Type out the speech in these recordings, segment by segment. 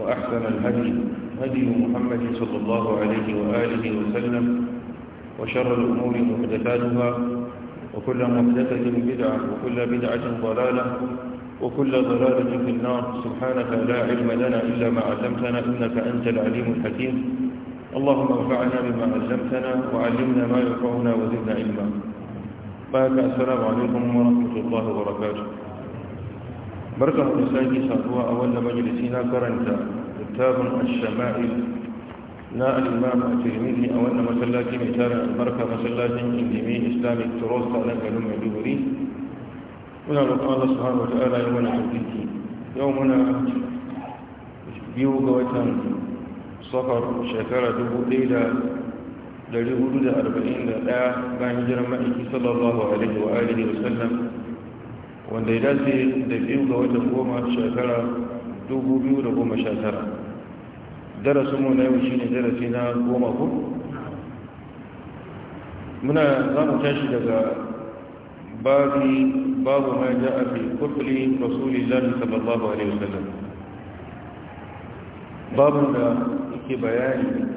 وأحسن الهدي هدي محمد صلى الله عليه وآله وسلم وشر الأمور محدثاتها وكل محدثة بدعة وكل بدعة ضلالة وكل ضلالة في النار سبحانك لا علم لنا إلا ما علمتنا إنك أنت العليم الحكيم اللهم انفعنا بما علمتنا وعلمنا ما ينفعنا وزدنا علما السلام عليكم ورحمة الله وبركاته barka mu sake saduwa a wannan majalisi na karanta littafin ash-shama'il na al-imam at-tirmidhi a wannan masallaci mai tara albarka masallacin indimi islamic trust a nan garin maiduguri muna roƙon Allah subhanahu wata'ala ya mana arziki yau muna biyu ga watan safar shekara dubu ɗaya da dari hudu da arba'in da ɗaya bayan hijirar ma'aiki sallallahu alaihi wa alihi wa sallam wanda ya dace da biyu ga watan goma shekara 2019 mu na yau shi ne darasi na goma ku muna za mu tashi daga babi babu ma ja a fi kufli rasulillahi sallallahu alaihi wasallam babu da yake bayani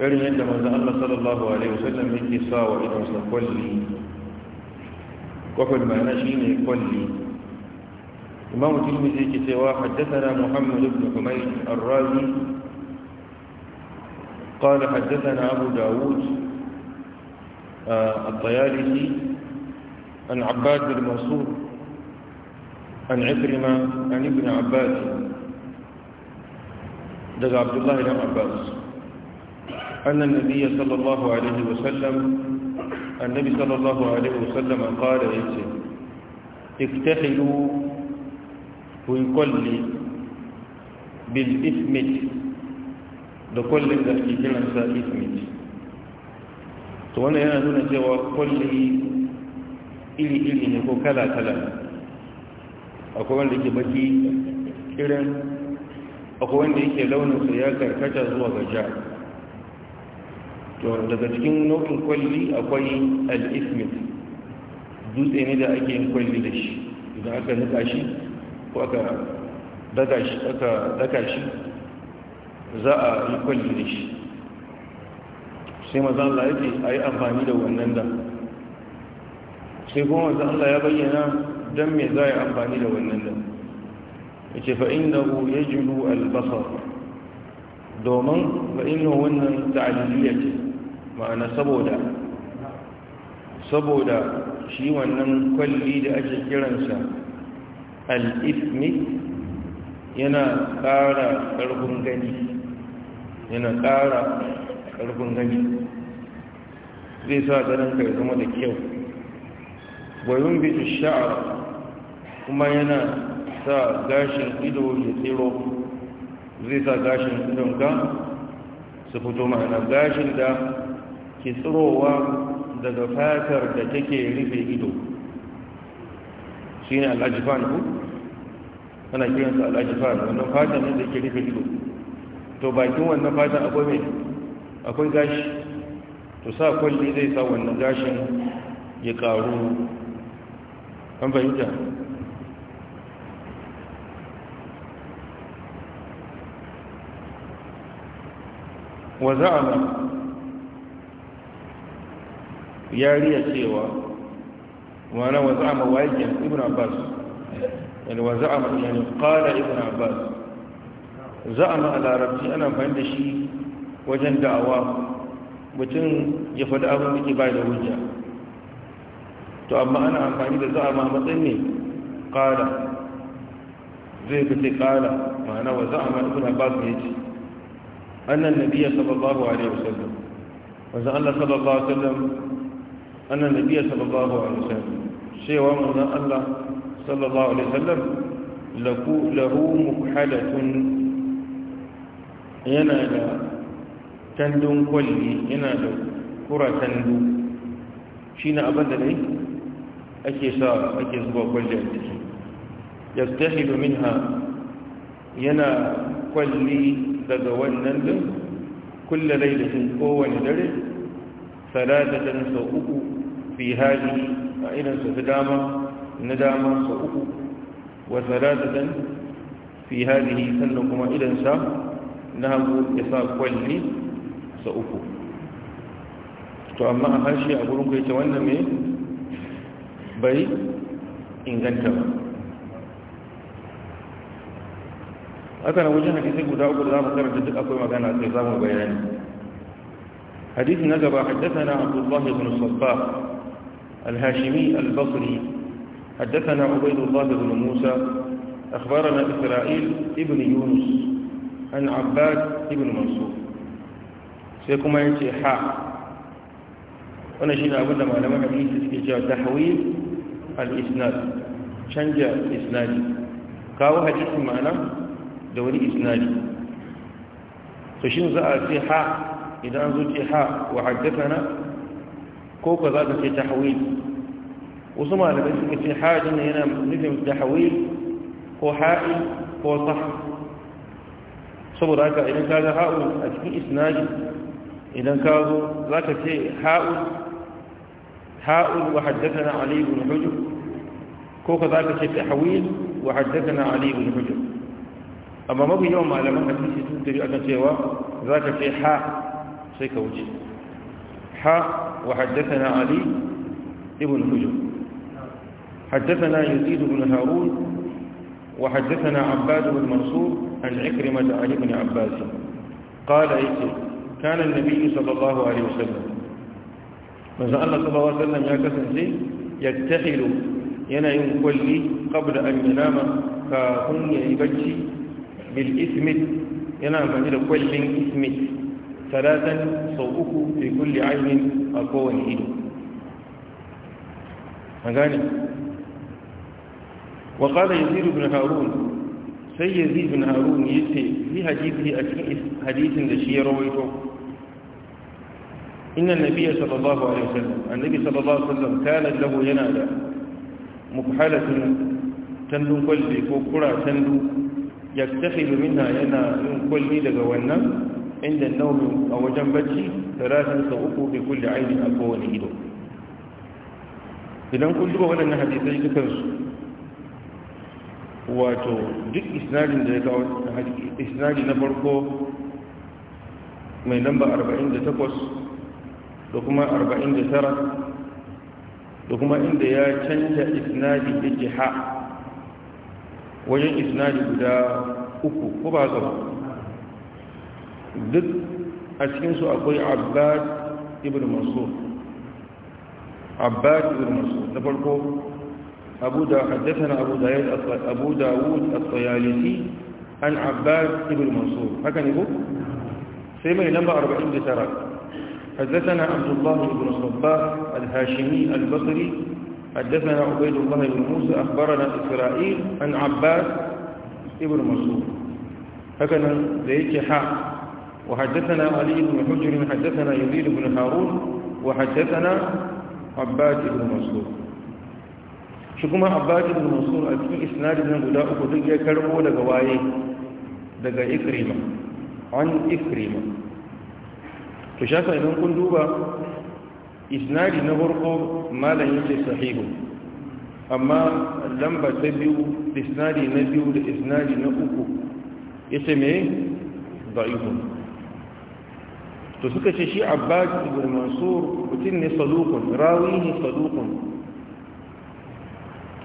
irin yadda manzo Allah sallallahu alaihi wasallam yake sa wa idan sa وكل ما نشين يقول لي إمام تلمزي كتوا حدثنا محمد بن حميد الرازي قال حدثنا أبو داود آه، الطيالسي عن عباد بن منصور عن عكرمة عن ابن عباس دقى عبد الله بن عباس أن النبي صلى الله عليه وسلم annabi sallallahu alaihi wasallam ya ce. iktahilu ku kulli bil ismi da kullin da ake kiransa ismi to wannan yana nuna cewa kulli iri iri ne ko kala kala akwai wanda ke baki irin, akwai wanda yake launin sa ya karkata zuwa ga ja to daga cikin nau'in kwalli akwai al-ismit dutse ne da ake yin kwalli da shi idan aka nika shi ko aka daga shi daka shi za a yi kwalli da shi sai maza Allah ya a yi amfani da wannan da sai kuma maza Allah ya bayyana don me za a yi amfani da wannan da ya ce fa'in da ya jiru albasa. domin fa'in wannan ta'aliliya ce ma'ana saboda saboda shi wannan kwalli da ake kiransa al'ifmi yana ƙara ƙarfin gani yana ƙara ƙarfin gani zai sa ganin ka zama da kyau wayun bitu sha'ar kuma yana sa gashin ido ya tsiro zai sa gashin ka su fito ma'ana gashin da ke tsirowa daga fatar da take rufe ido shi ne al'ajifan ku ana kiransa al'ajifan wannan fatar ne da ke rufe ido to bakin wannan fatar akwai mai akwai gashi to sa kwalli zai sa wannan gashin ya karu an fahimta wa za'ala ya riya cewa wana wa za'ama wajen ibn abbas yani wa za'ama yani kada ibn abbas Za a larabci ana amfani da shi wajen da'awa mutum ya faɗi abin da ke bai da hujja to amma ana amfani da za a matsayin ne kada zai sai kada, ma'ana wa za'ama ibn abbas ne ce annan nabiya sababawa ne wasallam Wanzan Allah sallallahu alaihi wasallam annan nabiya sallallahu alaihi wasallam cewa manzon Allah sallallahu alaihi wasallam laku lahu mukhalatun yana da tandun kwalli yana da kura du shine abin da dai ake sa ake zuba kwalli a ciki yastahilu minha yana kwalli daga wannan din kulle lailatin kowane dare salatatan sau uku fi hali a irinsa ta dama na dama sa uku wa salatatan fi halihi sannan kuma idansa na hagu ya sa kwalli sa uku to amma a harshe a gurin kwaita wannan mai bai inganta ba aka na wajen hadisai guda uku da za mu karanta duk akwai magana sai za mu bayani hadisi na gaba haddasa na abdullahi bin sabba الهاشمي البصري حدثنا عبيد الله بن موسى أخبرنا إسرائيل ابن يونس عن عباد ابن منصور سيكما معي حاء وانا شيء أقول لما لما حديث تحويل الإسناد canja إسنادي كاو حديث معنا دوري إسنادي فشنو زاء shin za اذا ce ha idan ko ka za ka ce tahwil wasu malamai suka ce hajin ne yana nufin tahwil ko ha'i ko sah saboda haka idan ka ga ha'u a cikin isnadi idan ka zo za ka ce ha'u ha'u wa haddatana ali ibn hujr ko ka za ka ce tahwil wa haddatana ali ibn hujr amma mafi yawan malaman hadisi sun tafi akan cewa za ka ce ha sai ka wuce ها وحدثنا علي ابن حجر حدثنا يزيد بن هارون وحدثنا عباد بن منصور عن عكرمة عن ابن عباس قال ايتي كان النبي صلى الله عليه وسلم ماذا الله صلى الله عليه وسلم يا كسنسي يتحل yana yin kwalli kabda an yanama kafin ya yi bacci bil ismit yana amfani da kwallin ismit ثلاثا صوبه في كل عين اقوى إيد أغاني وقال يزيد بن هارون سي يزيد بن هارون يسي في حديثه أشيء حديث لشيء رويته إن النبي صلى الله عليه وسلم النبي صلى الله عليه وسلم كان له ينادى مكحلة تندو قلبي كرة تندو يكتخذ منها ينادى قلبي لغوانا inda naumin a wajen bacci talatin sau uku bai kulle aini a kowane ido idan kun duba waɗannan hadisai su wato duk isnadin da ya kawo isnadi na farko mai lamba 48 da kuma 49 da kuma inda ya canja isnadi da jiha wajen isnadi guda uku ko ba zama? duk a cikinsu akwai abbad ibn mansur abbad ibn mansur da farko abu da haddathana abu da abu da dawud at-tayalisi an abbad ibn mansur haka ne ko sai mai namba 49 haddathana abdullah ibn sabbah al-hashimi al-basri حدثنا عبيد الله بن موسى أخبرنا إسرائيل عن عباس ابن مسعود هكذا ذيك حاء وحدثنا علي بن حجر حدثنا يزيد بن هارون وحدثنا عباد بن مسعود shi kuma abbaji da mansur a cikin isnadin nan guda uku duk ya karbo daga waye daga ikrima to shaka idan kun duba isnadi na farko malam yake sahihu amma lamba ta biyu isnadi na biyu da isnadi na uku yace me da'ifun to suka ce shi abbas ibn mansur mutum ne sadukun rawi ne sadukun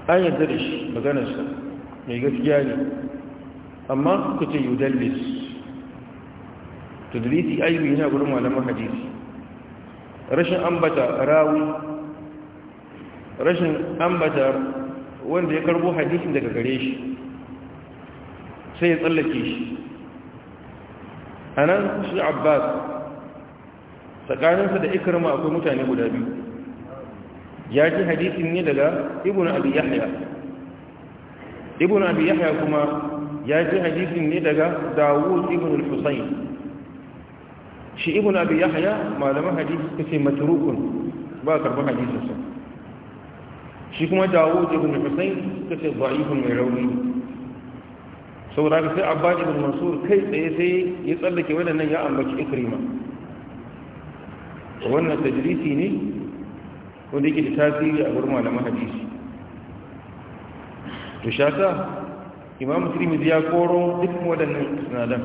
an yi da shi maganarsa mai gaskiya ne amma suka ce yudalis tudrisi ayyubi yana gudun malamar hadisi rashin ambata rawi rashin ambata wanda ya karbo hadisin daga gare shi sai ya tsallake shi a nan shi abbas tsakaninsa da ikirma akwai mutane guda biyu ya ji hadisin ne daga ibn abi yahya ibn abi yahya kuma ya ji hadisin ne daga dawud ibn al-husayn shi ibn abi yahya malaman hadisi suka ce matrukun ba hadisin hadisinsa shi kuma dawud ibn al-husayn suka ce da'ifun mai rauni saboda sai abba ibn mansur kai tsaye sai ya tsallake wadannan ya ambaci ikrima wannan tajirisi ne wanda yake da tasiri a gurin malaman hadisi to shata imam tirmidhi ya koro duk waɗannan sinadar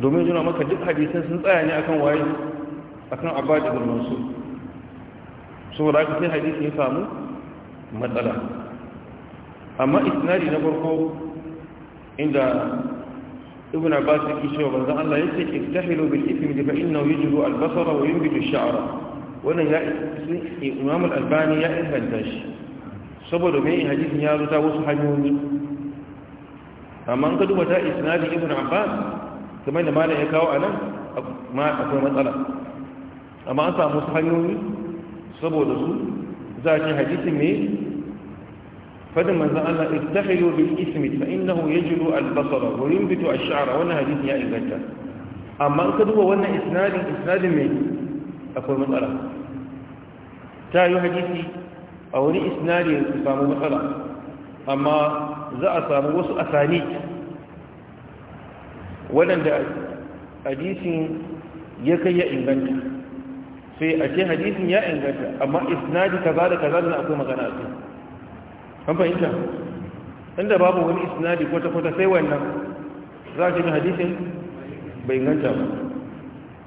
domin suna maka duk hadisan sun tsaya ne akan waye akan da gurmansu su wadda aka sai hadisi ya samu matsala amma isnari na farko inda ibn abbas yake cewa manzon Allah yace iftahilu bil ithmi fa innahu yajru al basara wa yunbitu al sha'ra wannan ya imam al albani ya inganta shi saboda mai hadisin ya ruta wasu hanyoyi amma an ka duba ta isnadi ibn abbas kamar da malam ya kawo anan ma akwai matsala amma an samu wasu hanyoyi saboda su za a ce hadisin mai فلما من الله اتخذوا بالاسم فانه يجلو البصر وينبت الشعر وانا حديث يا انغتا اما ان كدوا وانا اسناد اسناد من اكو مساله تا يو حديثي او ني اسناد يسامو مساله اما ذا اسامو وسو اسانيد ولن حديث يكي ya kai ya inganta sai a ce hadisin ya inganta amma isnadi kaza da an fahimta inda babu wani isnadi kwata-kwata sai wannan za a cikin hadisin bai inganta ba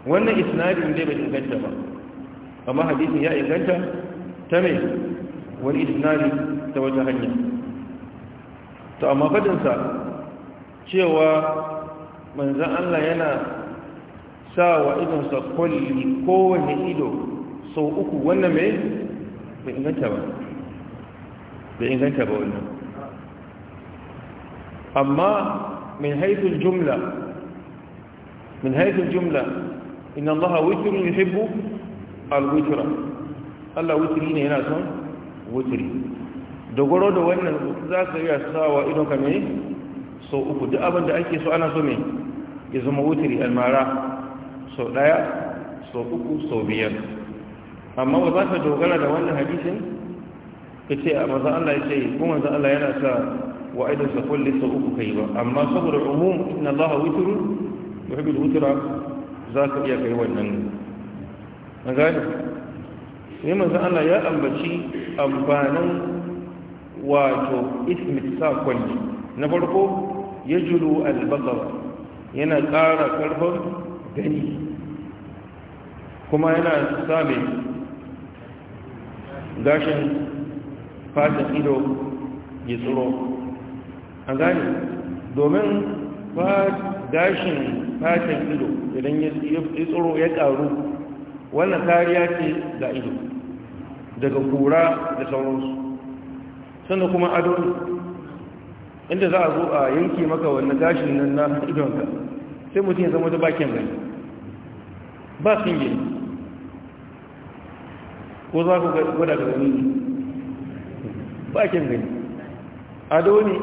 wannan isnadin dai bai inganta ba amma hadisin ya inganta ta mai wani isnadi ta wata hanya to amma fadinsa cewa manzan Allah yana sa wa idonsa kwalli kowane ido sau uku wannan mai bai inganta ba Da inganta ba wannan amma min haifin jumla min haifin jumla ina allaha witrun yuhibbu al-witra Allah witri ne yana son witri dogoro da wannan za ka iya sawa idon ka ne so uku duk abin da ake so ana so me ya zama witri almara so daya so uku so biyar amma ba za ta dogara da wannan hadisin yace a maza Allah yace ko maza Allah yana sa wa'idin sa kulli sa uku kai ba amma saboda umum inna Allah witru yuhibbul witra zaka iya kai wannan an gane sai maza Allah ya ambaci amfanin wato ismi sa kulli na farko yajulu al-basar yana ƙara karfin gani kuma yana samun gashin fatan ido ya tsoro a gani domin gashin fatan ido idan ya tsoro ya karu wannan kariya ce ga ido daga kura da sauransu sannan kuma ado inda za a zo a yanke maka wannan gashin nan na idonka sai mutum ya zama da bakin gani ba sun yi ko za ku gwada ga wani ba kin gani ado ne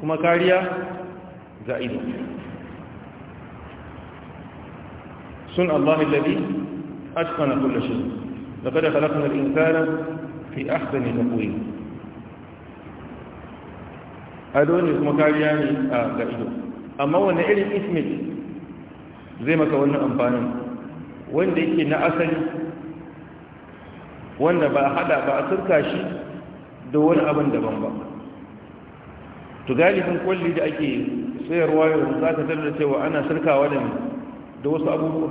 kuma kariya ga ido sun Allah alladhi atqana kull shay laqad khalaqna al-insana fi ahsani taqwim ado ne kuma kariya ne ga ido amma wannan irin ismit zai maka wannan amfanin wanda yake na asali wanda ba a hada ba a turka shi da wani abin daban ba to galibin kwalli da ake sayarwa yau za ta tabbata cewa ana sarkawa da da wasu abubuwa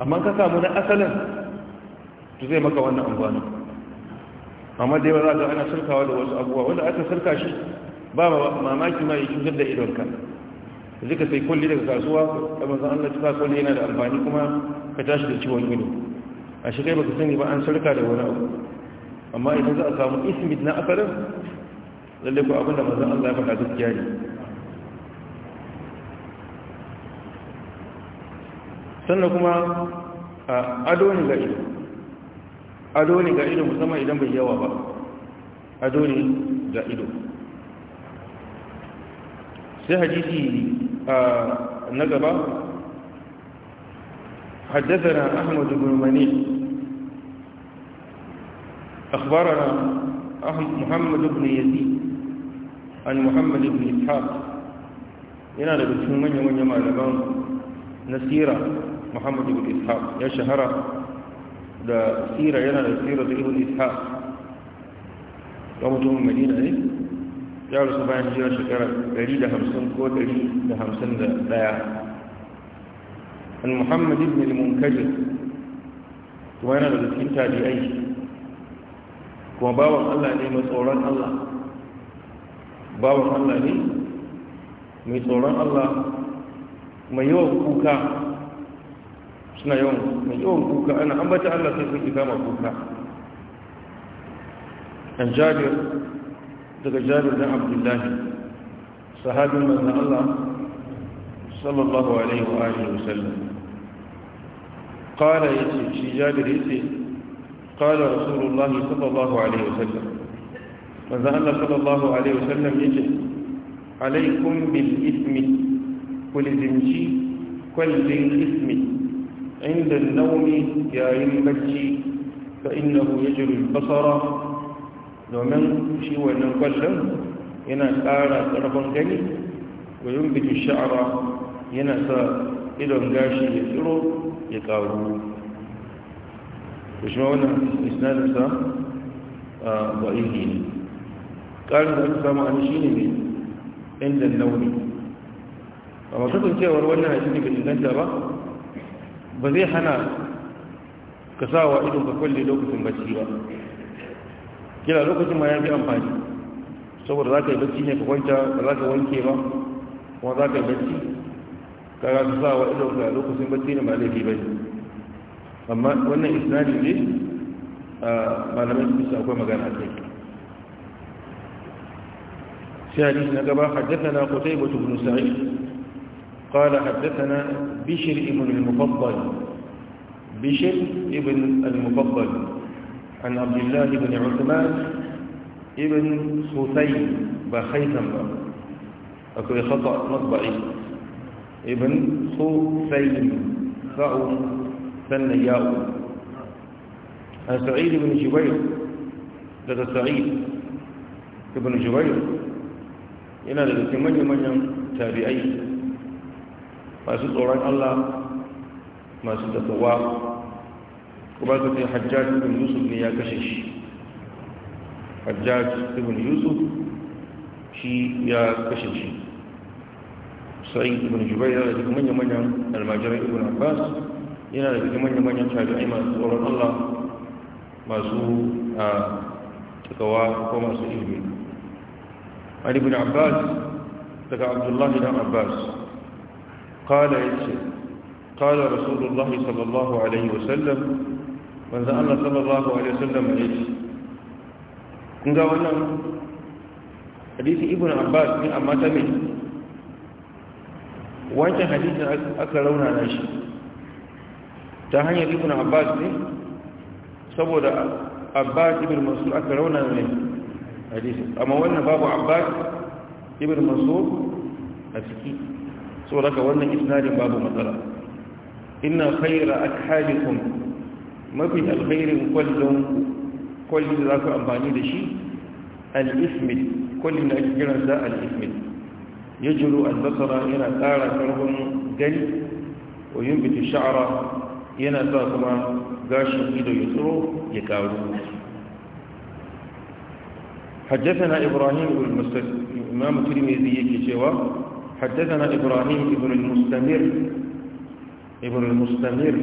amma ka samu na asalin to zai maka wannan amfani amma dai ba za ka ana sarkawa da wasu abubuwa wanda aka sarka shi ba mamaki ma ya cutar da idonka zai ka sai kwalli daga kasuwa a banzan allah ta kwalli yana da amfani kuma ka tashi da ciwon ido a shi kai baka sani ba an sarka da wani abu amma idan za a samu ismi na asalin lalle ko abinda mazan Allah ya faɗa gaskiya ne sannan kuma ado ne ga ido ado ne ga ido musamman idan bai yawa ba ado ne ga ido sai hadisi na gaba حدثنا أحمد بن منيح أخبرنا محمد بن يزيد عن محمد بن إسحاق إلى أن يكون من يوم يوم يوم نسيرة محمد بن إسحاق يا شهرة دا سيرة يانا سيرة ابن إسحاق ومتوم المدينة دي يا رب سبحانه جيرا شكرا دليل دا همسن كو دليل دا همسن دا عن محمد بن المنكجر وانا لو كنت علي أي kuma bawan Allah ne mai tsoron Allah bawan Allah ne mai tsoron Allah mai yawan kuka suna yawan mai yawan kuka ana ambata Allah sai suke kama kuka an jabir daga jabir dan abdullahi sahabin manzon Allah sallallahu alaihi wa alihi wasallam قال يسي شي جابر يسي قال رسول الله صلى الله عليه وسلم وزعل صلى الله عليه وسلم يجب عليكم بالإثم ولزمشي كل إثم عند النوم يا ينبشي فإنه يجر البصر ومن شي ونقل هنا قال طرف جني وينبت الشعر هنا إذا الغاشي يسره يقاومون to shi wannan isnadinsa a ba'ihi ne ƙarin da aka samu an shi ne mai inda nauni a matakon cewar wannan hadisi ga inganta ba ba zai hana ka sa wa ka lokacin bacci ba kira lokacin ma ya fi amfani saboda za ka yi bacci ne ka kwanta ba za ka wanke ba kuma za ka yi bacci ka ga su sa wa ido ka lokacin bacci ne ba laifi ba ne amma wannan isnadi ne malamai su bisa akwai magana kai في حديث نقبا حدثنا قتيبة بن سعيد قال حدثنا بشر بن المفضل بشر بن المفضل عن عبد الله بن عثمان بن حسين بخيثم أكو خطأ مطبعي ابن حسين فأو sannan ya'u an sa'id ibn jubair daga sa'id ibn jubair yana da cikin manyan-manyan tabi'ai masu tsoron Allah masu tafawa kuma su ce hajjaj ibn yusuf ne ya kashe shi hajjaj ibn yusuf shi ya kashe shi sa'id ibn da manyan almajiran ibn abbas yana da cikin manya-manyan tabi'ai masu tsoron Allah masu a cikawa ko masu ilimi Ali ibn Abbas daga Abdullahi dan Abbas qala ce, qala Rasulullah sallallahu alaihi wasallam Wanzan Allah sallallahu alaihi wasallam yace ce. ga wannan hadisi ibn Abbas ne amma ta me wancan hadisin aka raunana shi ta hanyar ibn abbas ne saboda abbas ibn mas'ud aka rauna ne hadisi amma wannan babu abbas ibn mas'ud a ciki saboda ka wannan isnadin babu matsala inna khayra akhalikum mafi alkhairin kullun kullun da za amfani da shi al-ismi kullun da ake kiransa al-ismi يجلو البصر إلى تارة كرب جل وينبت الشعر yana sa kuma gashin ido ya tsoro ya karu حدثنا إبراهيم بن المستمر إمام الترمذي جوا حدثنا إبراهيم بن المستمر ابن المستمر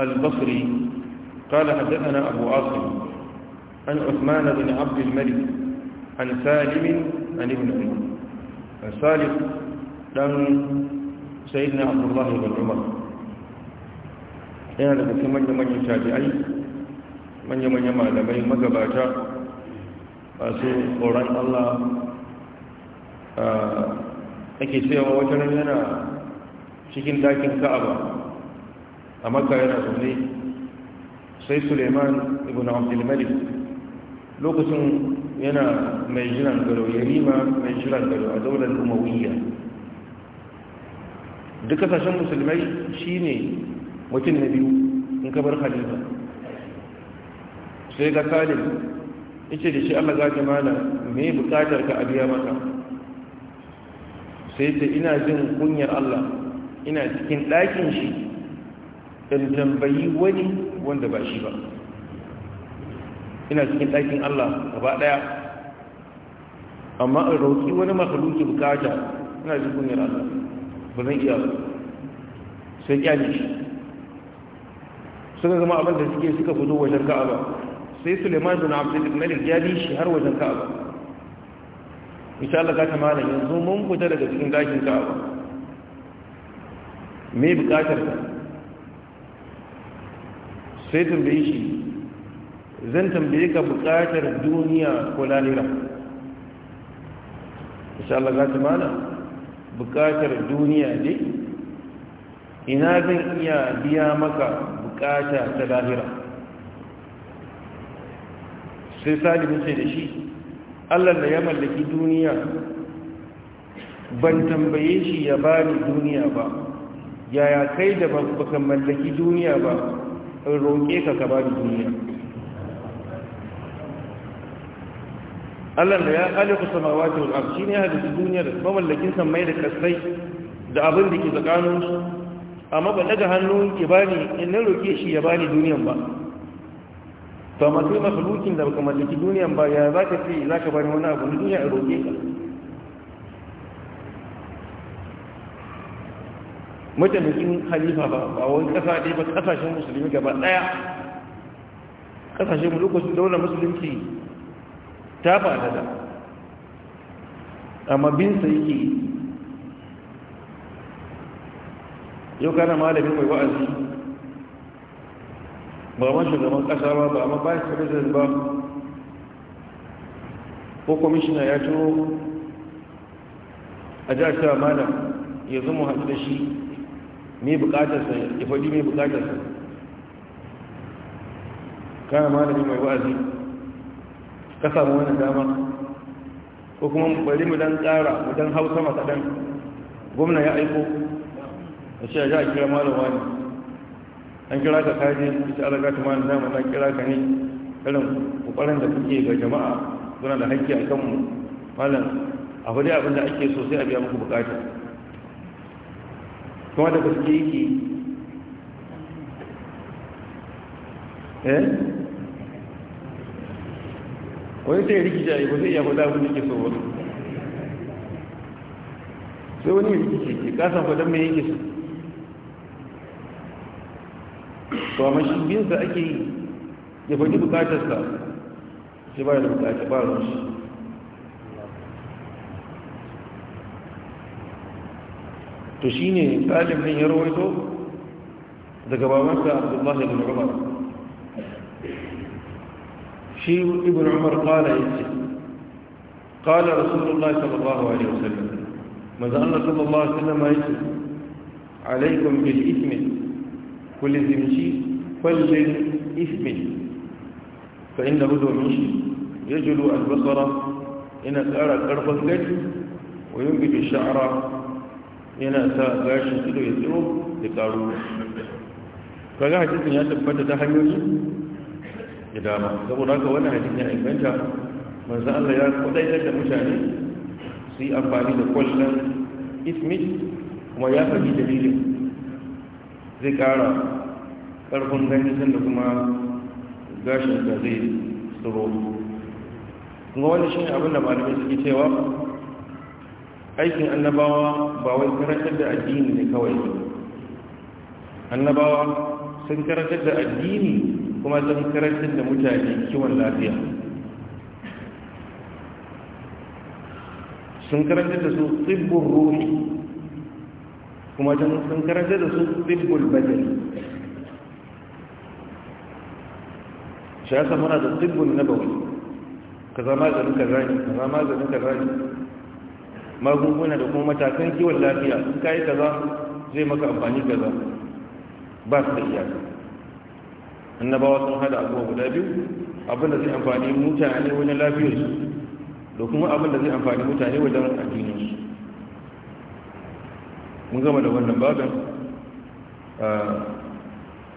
البصري قال حدثنا أبو عاصم عن عثمان بن عبد الملك عن سالم عن ابن عمر سالم سيدنا عبد الله بن عمر yana da cikin manya manya tabi'ai manya manya malamai magabata masu tsoron allah ake cewa wajen yana cikin dakin ka'aba a maka yana zaune sai suleiman ibn abdulmari lokacin yana mai jiran garo ya rima mai jiran garo a daular umawiyya duk kasashen musulmai shine mutum na biyu in ka bar halifa sai ga salim ita da shi Allah zaki mana me bukatar ka a biya maka sai ta ina jin kunyar Allah ina cikin ɗakin shi in tambayi wani wanda ba shi ba ina cikin ɗakin Allah gaba ɗaya amma in roƙi wani makaluki bukata ina jin kunyar Allah ba zan iya sai kyale shi suka zama abin da suke suka fito wajen ka'aba sai suleiman bin abdul malik ya bi shi har wajen ka'aba insha Allah ka tamala yanzu mun fita daga cikin dakin ka'aba me bukatar ka sai tambaye shi zan tambaye ka bukatar duniya ko lalira insha Allah ka tamala bukatar duniya dai ina zan iya biya maka bukata ta lahira sai salihu ce da shi allah da ya mallaki duniya ban tambaye shi ya bani duniya ba yaya kai da baka mallaki duniya ba in roƙe ka ka bani duniya allah da ya alifu samawati wal'ar shi ne halittu duniyar mamallakin sammai da kasai da abin da ke tsakaninsu amma ba daga hannu ya bani in na roke shi ya bani duniyan ba to amma sai mafalukin da baka mallaki duniyan ba ya za ka ce za ka bani wani abu na duniya a roƙe ka mutanen halifa ba ba wani ƙasa ɗaya ba kasashen musulmi gaba ɗaya ƙasashen lokacin daular musulunci ta ba da amma binsa yake yau kana malamin mai wa'azi ba ma shugaban kasa ba ba ma vice president ba ko kwamishina ya turo a jihar cewa malam ya zama haɗu da shi mai bukatarsa ya faɗi mai bukatarsa kana malamin mai wa'azi ka samu wani dama ko kuma bari mu dan tsara mu dan hausa makaɗan gwamna ya aiko a ce ya kira malama ne an kira ka kaji ita alaka ta mana dama na kira ka ne irin kokarin da kuke ga jama'a suna da hakki a kanmu malam a dai abin da ake so sai a biya muku bukata kuma da gaske yake eh wani sai rikici a yi ba zai iya faɗa abin da ke so wani sai wani rikici ke kasan faɗan mai yake so to amma shi biyan da ake yi ya faɗi bukatar sa sai ba da bukatar ba ruwan shi to shi ne ɗin ya rawaito daga babansa abdullahi ibn umar shi ibn umar kala ya ce kala rasulullah sallallahu alaihi wasallam maza Allah sallallahu alaihi wasallam ya ce alaikum bil ismi kulli zimshi فإن بدو دوميش يجل البصر إن تأرى كرف الجد وينبت الشعر إن تأغاش سلو يسيرو لكارو فلا حديث يا تبت تحيوني إدامة سأقول لك وانا حديث يأتب فتا من زال يا قدائد مشاني سي أفعالي لكل إثم وما يفعل دليل ذكارا ƙarfin sun sanda kuma gashin da zai tsoro kuma wani shi ne abin da malamai suke cewa aikin annabawa ba wai karantar da addini ne kawai annabawa sun karantar da addini kuma sun karantar da mutane kiwon lafiya sun karantar da su tsibbin ruhi kuma sun karantar da su tsibbin badani shi yasa muna da tibbun nabawi kaza maganin kaza ka zama maganin kaza ne magunguna da kuma matakan kiwon lafiya in ka yi kaza zai maka amfani kaza ba su da iyaka annabawa sun hada abubuwa guda biyu abinda zai amfani mutane wajen lafiyarsu da kuma abinda zai amfani mutane wajen addininsu mun gama da wannan babin ah,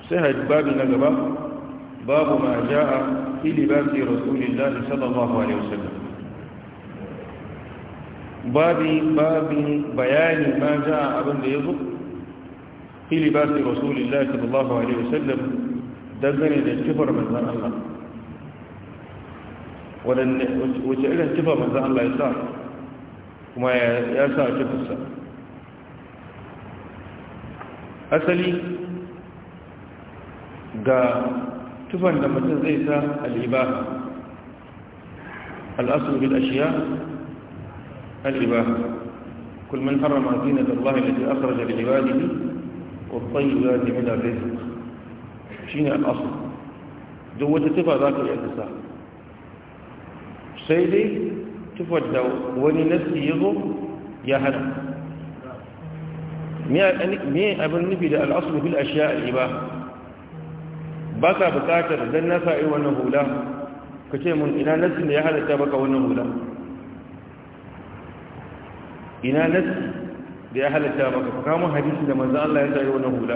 sai babin na gaba باب ما جاء في لباس رسول الله صلى الله عليه وسلم باب باب بيان ما جاء ابن يزق في لباس رسول الله صلى الله عليه وسلم دزني للكفر من ذا الله ولن وجعل الكفر من ذا الله يسار وما يسار كفر السار أسلي كفان لما تزيت الإباحة الأصل بالأشياء الإباحة كل من حرم زينة الله التي أخرج لعباده والطيبات من الرزق شين الأصل دو تتفى ذاك الاعتصام سيدي تفى الدو ولي نفسي يضو يا هنا مي يعني أبن نبي الأصل في الأشياء الإباحة ba sa bukatar dan na sa'i wannan hula ka ce mun ina nassin da ya halatta baka wannan hula ina nassi da ya halatta baka ka kama hadisi da manzo Allah ya sa'i wannan hula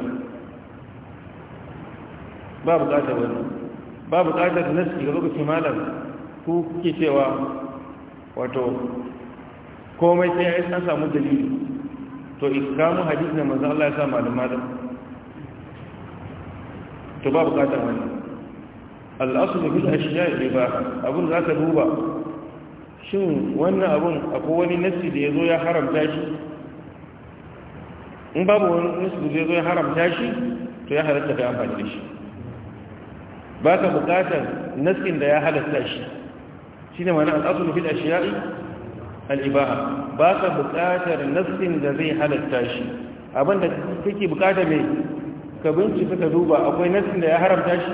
ba bukatar wannan ba bukatar nassi ga lokacin malam ku ke cewa wato komai sai an samu dalili to ikamu hadisi da manzo Allah ya sa malama to ba bukatar wannan al'asulu fil ashiya ba. abun za ka duba shin wannan abun akwai wani nassi da ya zo ya haramta shi in babu wani nassi da ya zo ya haramta shi to ya halatta da amfani da shi ba ka bukatar nassin da ya halatta shi shi ne mana al'asulu fil ashiya al'ibaha ba ka bukatar nassin da zai halatta shi da kake bukata mai ka bincika ka duba akwai nassin da ya haramta shi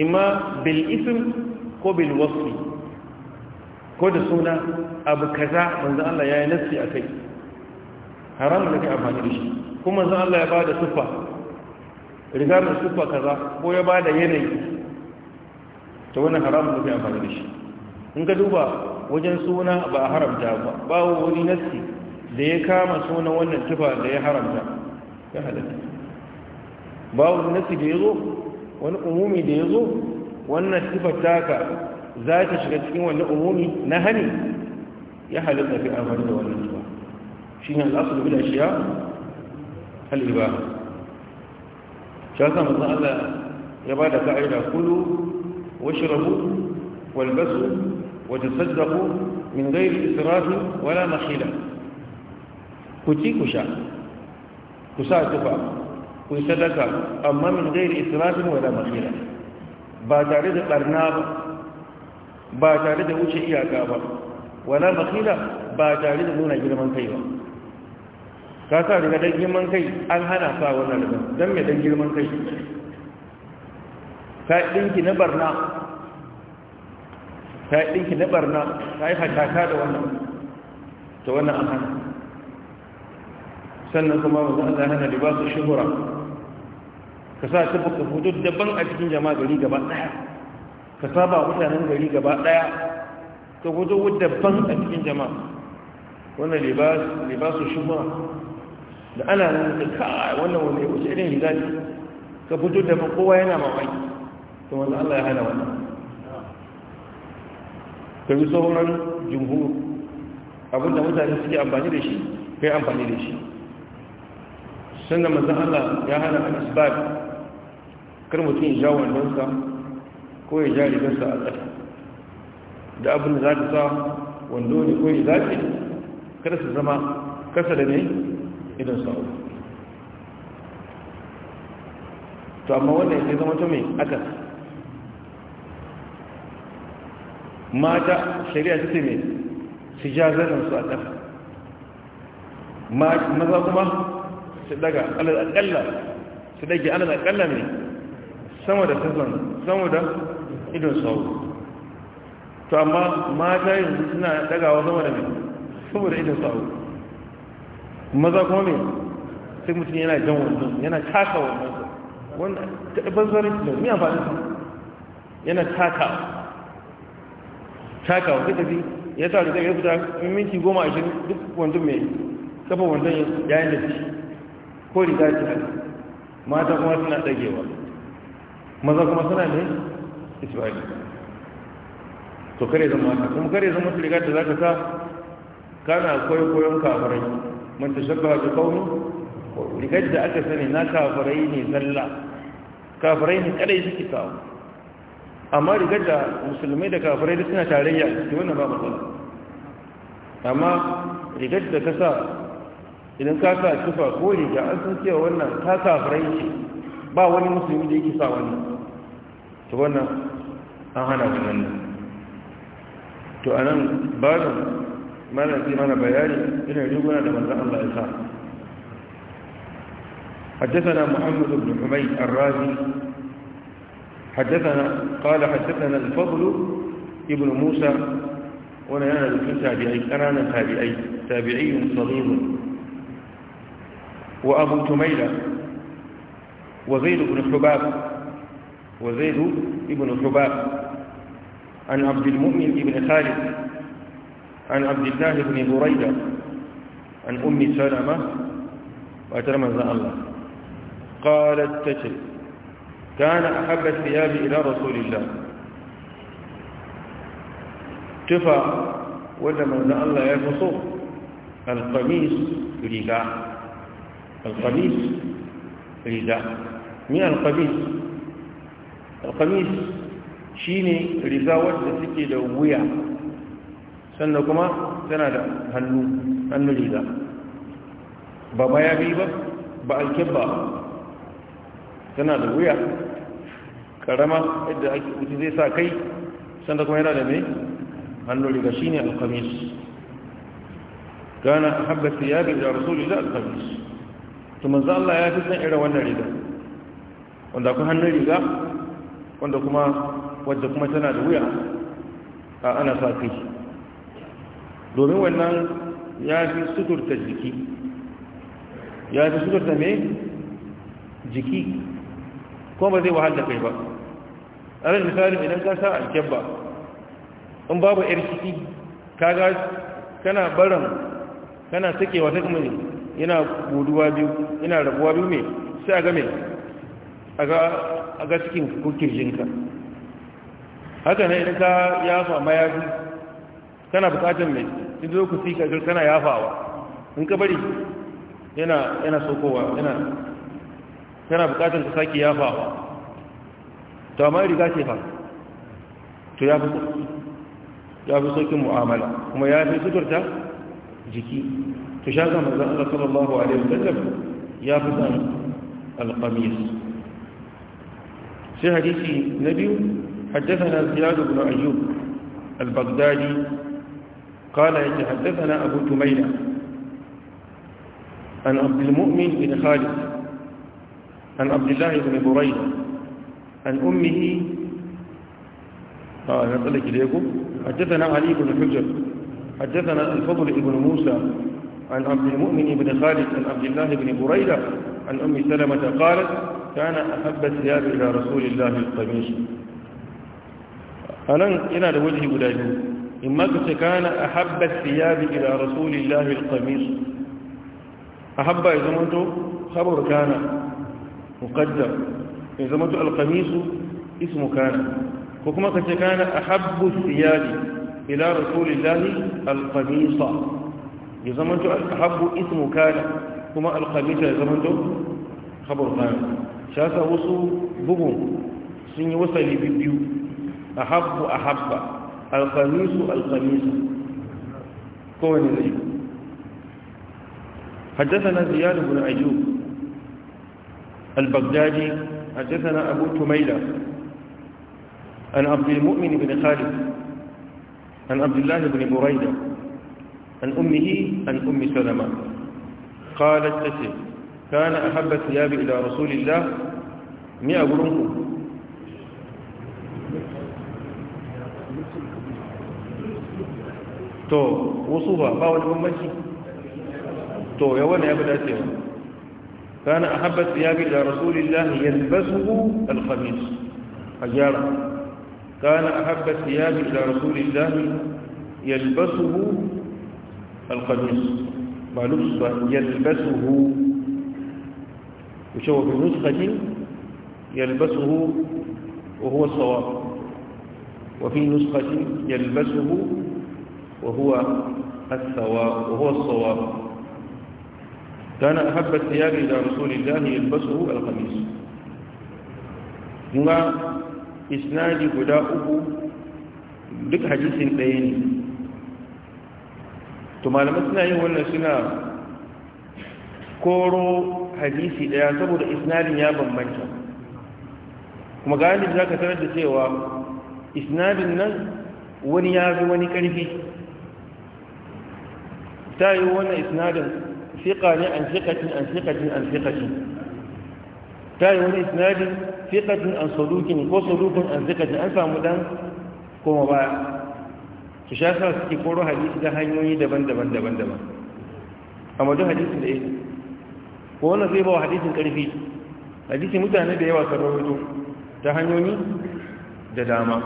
imma bil ism ko bil wasf ko da suna abu kaza manzo Allah ya yi nassi akai haram ne ka amfani da shi kuma manzo Allah ya bada sufa riga mai sufa kaza ko ya bada yanayi to wannan haram ne ka amfani da shi in ka duba wajen suna ba haramta ba bawo wani nassi da ya kama suna wannan tufa da ya haramta ya halatta babu nasi da ya zo wani umumi da ya zo wannan sifar taka za ta shiga cikin wani umumi na hani ya halatta fi amfani da wannan sifar shi ne al'asul bila shiya hal'iba shi haka masu Allah ya ba da ka'ida kulu washirabu walbasu watasaddaku min gairi israfi wala makhila ku ci ku sha ku sa tufa ku yi sadaka amma min gairi israfin wala makila. ba tare da barna ba ba tare da wuce iyaka ba wala makila ba tare da nuna girman kai ba ka sa daga dan girman kai an hana sa wani daga dan mai dan girman kai ka dinki na barna ka dinki na barna ka yi hataka da wannan to wannan an hana sannan kuma manzo Allah hana libasu shuhura ka sa tufa ka fito daban a cikin jama'a gari gaba daya ka saba mutanen gari gaba daya ka fito daban a cikin jama'a wannan libas libasu shuhura da ana nan ka kawai wannan wani wuce irin riga ka fito da kowa yana mamaki to wanda Allah ya hana wannan ka yi sauran jumhur abinda mutane suke amfani da shi kai amfani da shi sannan mazan Allah ya hana a isbat kar mutum ya ja wandonsa ko ya ja rigarsa a ƙasa da abin da za ka sa wando ne ko ya zafi kada su zama kasa da ne idan sa'o to amma wannan ya zama ta mai aka mata shari'a ta ce mai su ja su a ƙasa maza kuma su daga alal akalla su dage alal akalla ne sama da tazan sama da idon sauro to amma mata yanzu suna dagawa sama da mai saboda idon sauro maza kuma ne sai mutum yana jan wannan yana taka wannan wanda ta banzarin da miya faɗin yana taka taka wata tafi ya sa da zai ya fita minti goma ashirin duk wanda mai kafa wanda ya yi da shi ko riga ce mata kuma suna dagewa maza kuma suna ne isra'ila to kare zama mata. kuma kare zama su riga ta za ka sa kana koyon kafarai man ta shabba da kaunu rigar da aka sani na kafarai ne zalla kafarai ne kadai suke kawo amma rigar da musulmai da kafarai da suna tarayya ke wannan ba matsala amma rigar da ka sa idan ka sa tufa ko riga an san cewa wannan ta kafirai ce ba wani musulmi da yake sa wannan to wannan an hana su wannan to a nan bazin mana mana bayani ina riguna da manzan Allah ya sa حدثنا محمد بن حميد الرازي حدثنا قال حدثنا الفضل ابن موسى ونانا التابعي أنا تابعي تابعي صغير وأبو تميلة وزيد بن حباب وزيد بن حباب عن عبد المؤمن بن خالد عن عبد الله بن بريدة عن أم سلمة وترمز الله قالت تتل كان أحب الثياب إلى رسول الله تفا ولما الله يفصل القميص رجاء alkhamis riga ni alkhamis alkhamis shine riga wadda suke da wuya sannan kuma tana da hannu hannu riga ba mayabi ba ba tana da wuya karama yadda ake wuce zai sa kai sannan kuma yana da mai hannu riga shine alkhamis kana habba siyabi da rasulullah to manzo Allah ya fi san irin wannan riga wanda ku hannun riga wanda kuma wadda kuma tana da wuya a ana sa kai domin wannan ya fi suturta jiki ya fi suturta me jiki kuma ba zai wahala kai ba alal misali idan ka sa alkyabba in babu yar ciki kaga kana baran kana sakewa ta kuma yana buduwa biyu Ina rabuwa biyu ne sai a game a ga cikin kukirjinka haka ne idan ka yafa mayafi kana bukatar mai in zo ku si kagar kana yafawa in ka bari yana sokowa yana kana bukatar ka sake yafawa ta amma riga ce fa to ya fi ya fi mu'amala kuma ya fi suturta jiki to shaka manzan Allah sallallahu alaihi wasallam يبدأ القميص في حديث sai حدثنا زياد بن أيوب البغدادي قال يتحدثنا أبو تميلة عن عبد المؤمن بن خالد عن عبد الله بن بريدة عن أمه آه إليكم حدثنا علي بن حجر حدثنا الفضل بن موسى عن عبد المؤمن بن خالد عن عبد الله بن بريدة عن أم سلمة قالت كان أحب الثياب إلى رسول الله القميص أنا إنا لوجه ولاجه إما قلت كان أحب الثياب إلى رسول الله القميص أحب إذا منت خبر كان مقدم إذا منت القميص اسم كان وكما قلت كان أحب الثياب إلى رسول الله القميص يزمنت أحب اسم كان هما الخميسة يزمنت خبر كان شاسة وصو بغم سن وصل ببيو أحب أحب الخميس الخميس كون الرجل حدثنا زياد بن عجوب البغدادي حدثنا أبو تميلة عن عبد المؤمن بن خالد عن عبد الله بن بريده عن أمه عن أم سلمة قالت تسي كان أحب الثياب إلى رسول الله مئة برنك تو وصوها ما هو لهم مجي تو يوانا يبدأ سيوان كان أحب الثياب إلى رسول الله يلبسه الخميس حجارة كان أحب الثياب إلى رسول الله يلبسه القميص ولبس يلبسه وشوف في نسخة يلبسه وهو الصواب وفي نسخة يلبسه وهو الثواب وهو الصواب كان أحب الثياب إلى رسول الله يلبسه القميص هنا إسناد غداؤه duk حديث ديني to malamai suna yin wannan suna koro hadisi daya saboda isnadin ya bambanta kuma galibi za ka tarar da cewa isnadin nan wani ya fi wani karfi ta yi wannan isnadin fiƙa ne an fiƙacin an fiƙacin an fiƙacin ta yi wani isnadin fiƙacin an sadukin ko sadukin an fiƙacin an samu dan koma baya su sha sa suke koro hadisi da hanyoyi daban-daban daban-daban a duk hadisi da ya yi ko wannan zai ba wa hadisin ƙarfi hadisi mutane da yawa sun rahoto ta hanyoyi da dama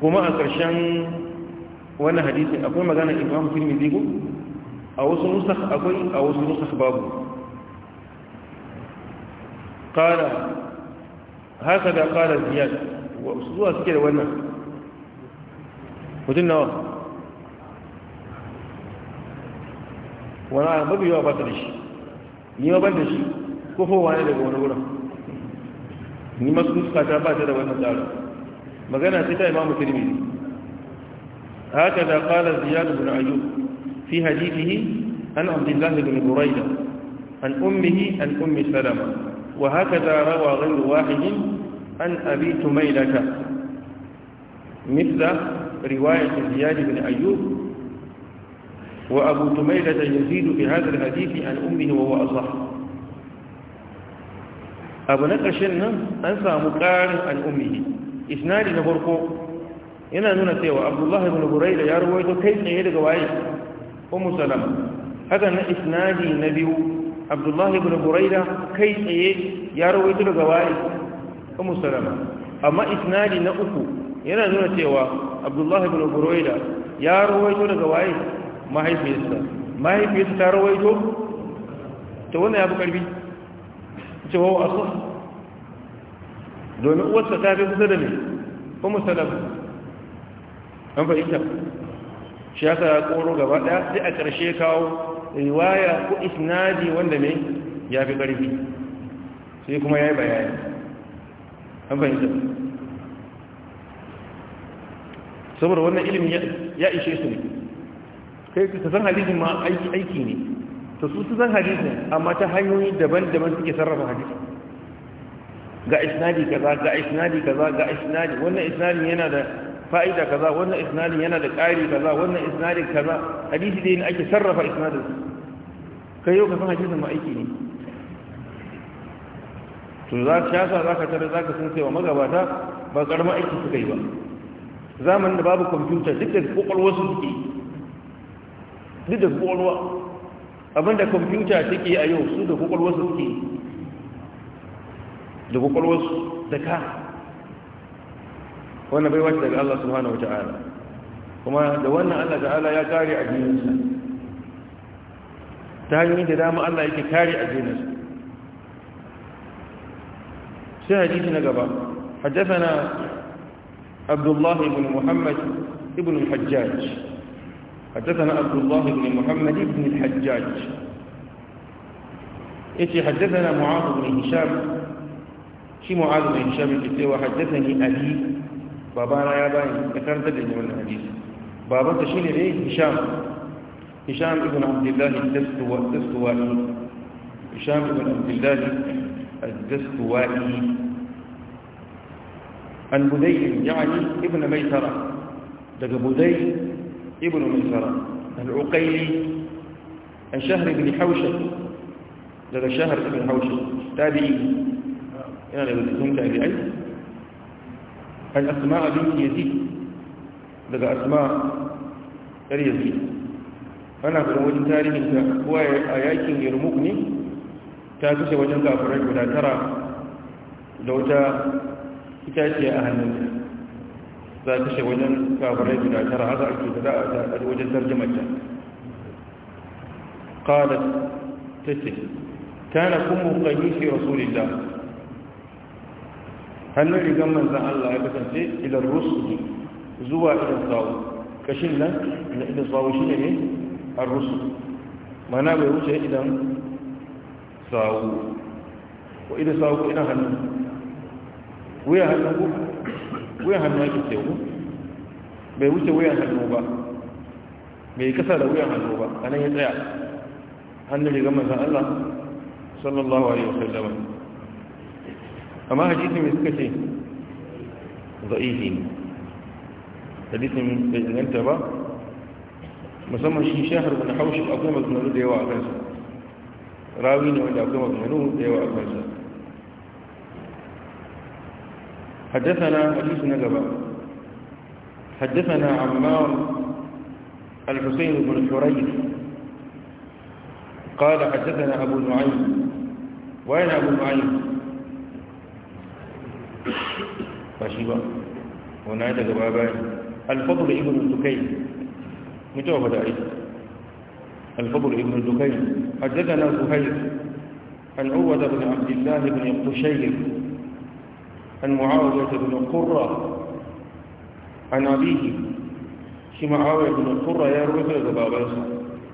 kuma a ƙarshen wannan hadisin akwai magana imam tirmidhi ko a wasu nusa akwai a wasu nusa babu ƙara haka da ƙara ziyar zuwa suke da wannan وتين نوا وانا ما بيو باتريش نيو باتريش كفو وانا اللي بقول نقوله نيما سوس كاتر باتر ده وانا دار ما كان هتيتا إمام الترمذي هكذا قال زياد بن عيوب في حديثه عن عبد الله بن بريدة عن أمه عن أم سلمة وهكذا روى غير واحد عن أبي تميلة مثل رواية زياد بن أيوب وأبو تميلة يزيد في هذا الحديث عن أمه وهو أصح أبو نقشن أنسى مقار عن أمه إسناد نبركو إنا نونا سيوى عبد الله بن بريل يرويه كيف يلقى وعيه أم سلام هذا إسناد نبي عبد الله بن بريل كيف يرويه لقى وعيه أم سلام أما إسناد نأخو yana nuna cewa abdullahi bin buroida ya rawaito daga waye mahaifiyarsa mahaifiyarsa ta rawaito ta wannan ya fi karfi cewa wa asus domin uwarsa ta fi kusa da ne kuma musallam an fahimta shi ya sa koro gaba ɗaya sai a ƙarshe kawo riwaya ko isnadi wanda ne ya fi ƙarfi sai kuma ya yi bayani an fahimta saboda wannan ilimin ya ishe su ne kai ka san hadisin ma aiki ne to su su san hadisin amma ta hanyoyi daban-daban suke sarrafa hadisin ga isnadi kaza ga isnadi kaza ga isnadi wannan isnadi yana da fa'ida kaza wannan isnadi yana da ƙari kaza wannan isnadin kaza hadisi dai ne ake sarrafa isnadin kai yau ka san hadisin ma aiki ne to za ka shasa za ka tare za ka sun cewa magabata ba ƙaramin aiki suka yi ba zamanin da babu kwamfuta duk da kwakwalwa su suke duk da kwakwalwa abinda kwamfuta take a yau su da kwakwalwa su suke da kwakwalwa su da ka wannan bai wata daga Allah subhanahu ta'ala kuma da wannan Allah ta'ala ya kare a jininsa ta hanyar da dama Allah yake kare a jininsa sai hadisi na gaba حدثنا عبد الله بن محمد بن الحجاج حدثنا عبد الله بن محمد بن الحجاج يتي حدثنا معاذ بن هشام شي معاذ بن هشام يتي وحدثني أبي بابانا يا باني ذكرت لي من الحديث بابا تشيني ايه هشام هشام بن عبد الله الدستوائي هشام بن عبد الله الدستوائي عن بديل يعني ابن ميسرة ده بدي ابن ميسرة العقيلي عن شهر بن حوشة ده شهر بن حوشة تابعي يعني هم تابعي عن أسماء بنت يزيد ده أسماء يزيد أنا أقول وجه أنت هو آيات يرمقني ta kashe أفرج ولا ترى لو da itace a hannunta za ta shi wajen kafirai guda tara haka ake da za a ta wajen tarjimata qalat tace kana kuma qayyishi rasulillah hannun rigan manzan Allah ya kasance idan rusul zuwa idan sawu kashin nan na idan sawu shine ne ar-rusul mana bai wuce idan sawu ko idan sawu ko idan hannun wuyan hannun ku wuyan hannun ake ce ku bai wuce wuyan hannu ba bai kasa da wuyan hannu ba a nan ya tsaya hannun rigar manzan Allah sallallahu alaihi wasallama amma hadisi mai suka ce za'ihi ne hadisin bai inganta ba musamman shi shahar wani haushi akwai maganganu da yawa a kansa rawi ne wanda akwai maganganu da yawa a kansa حدثنا حديث نجبة حدثنا عمار الحسين بن حريث قال حدثنا أبو نعيم وين أبو نعيم فاشيبا ونعيد جبابين الفضل ابن الدكين متوفى دائما الفضل ابن الدكين حدثنا زهير عن عوة بن عبد الله بن قشير عن معاوية بن قرة عن أبيه شي معاوية بن قرة يا رجل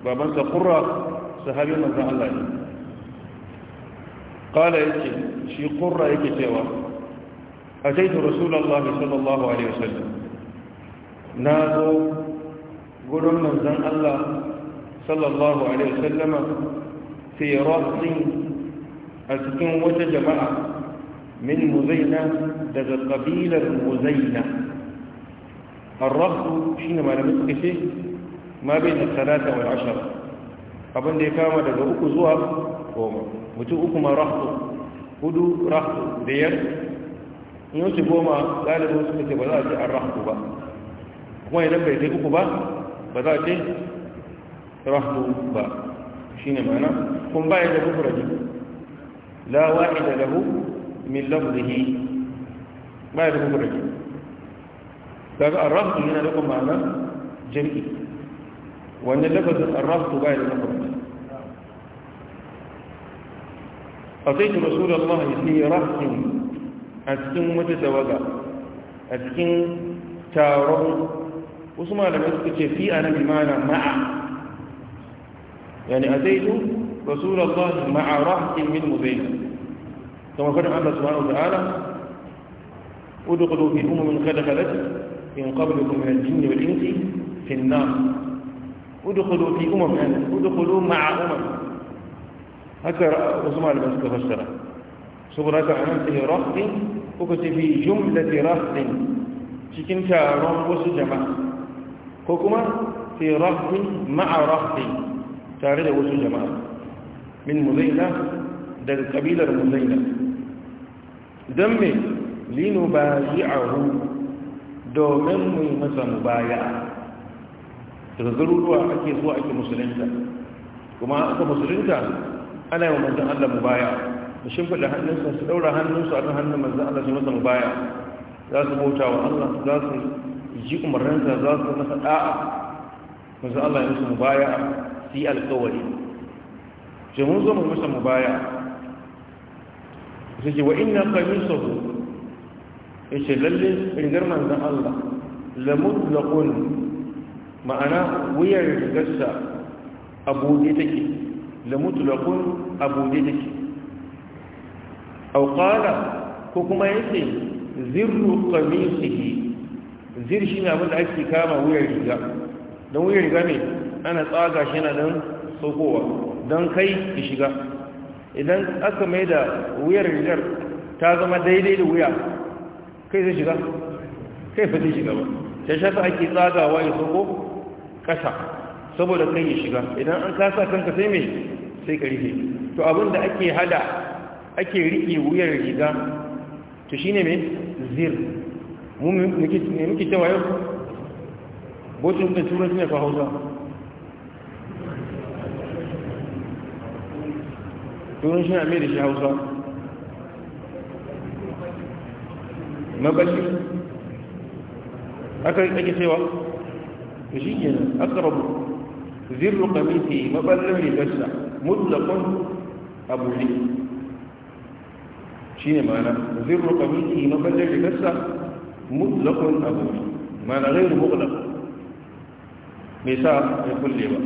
بابا أنت قرة صحابي من الله قال يكي شي قرة يكي تيوا أتيت رسول الله صلى الله عليه وسلم نادوا قرم من زن الله صلى الله عليه وسلم في رأس أتكون وجه جماعة من مزينة ده قبيلة مزينة الرفض شين ما لم تقفه ما بين الثلاثة والعشرة قبل ده كاما ده ده أكو زواب متو أكو ما رفضه هدو رفض ديال ينسي بوما قال له سكتي بذاتي الرفض بقى وما ينبع ده أكو بقى بذاتي رفض بقى شين ما لم قم بعد كفر لا واحد له min lafzihi ba ya da mufarraki daga arraftu yana da ma'ana jam'i wannan lafazin arraftu ba ya da mufarraki a sai ki rasu da Allah ya fi rafin a cikin wata tawaga a cikin taron wasu malamai suka ce na ma'a a كما قال الله سبحانه وتعالى ادخلوا في أمم قد خلت من قبلكم من الجن والإنس في النار ادخلوا في أمم ادخلوا مع أمم هكذا بن المسك فسره صبرة في رهط وكتب في جملة رهط شكن taron وسجما كوكما في رهط مع رهط ma'a وسجما من مزينه wasu القبيله المزينه don me lino ba yi ahu domin mu masa mu baya daga garuruwa ake zuwa ake musulunta kuma aka musulunta ana yi wa manzan Allah mu baya da shimfiɗa hannunsa su daura hannunsu a kan hannun manzan Allah su masa mu baya za su bauta wa Allah za su ji umarninsa za su nasa ɗa'a manzan Allah ya musu mu baya su yi alkawari ce mun zo mu masa mu baya sai ce wa inna qamisahu yace lalle rigar manzon Allah la mutlaqun ma'ana wuyar rigarsa A ne take la mutlaqun a ne take aw qala ko kuma yace zirru qamisihi zir shi ne abin da ake kama wuyar riga don wuyar riga ne ana tsaga shi na don saukowa don kai ya shiga idan aka mai da wuyar rigar ta zama daidai da wuya kai zai shiga kai fa shiga ba ta shafi ake tsagawa ya soko ƙasa saboda kai ya shiga idan an kasa kanka sai mai sai ka rike to abinda ake hada ake rike wuyar riga to shi ne mai zir muke cewa yau Botin da turai suna fa hausa turin shi a mai da shi hausa mabashi aka yi ake cewa da shi ke akarabu zirru kamiti maballin rigarsa mutlakon abu ne shi ne mana zirru kamiti maballin rigarsa mutlakon abu ne mana gairu mutlak mai sa ya kulle ba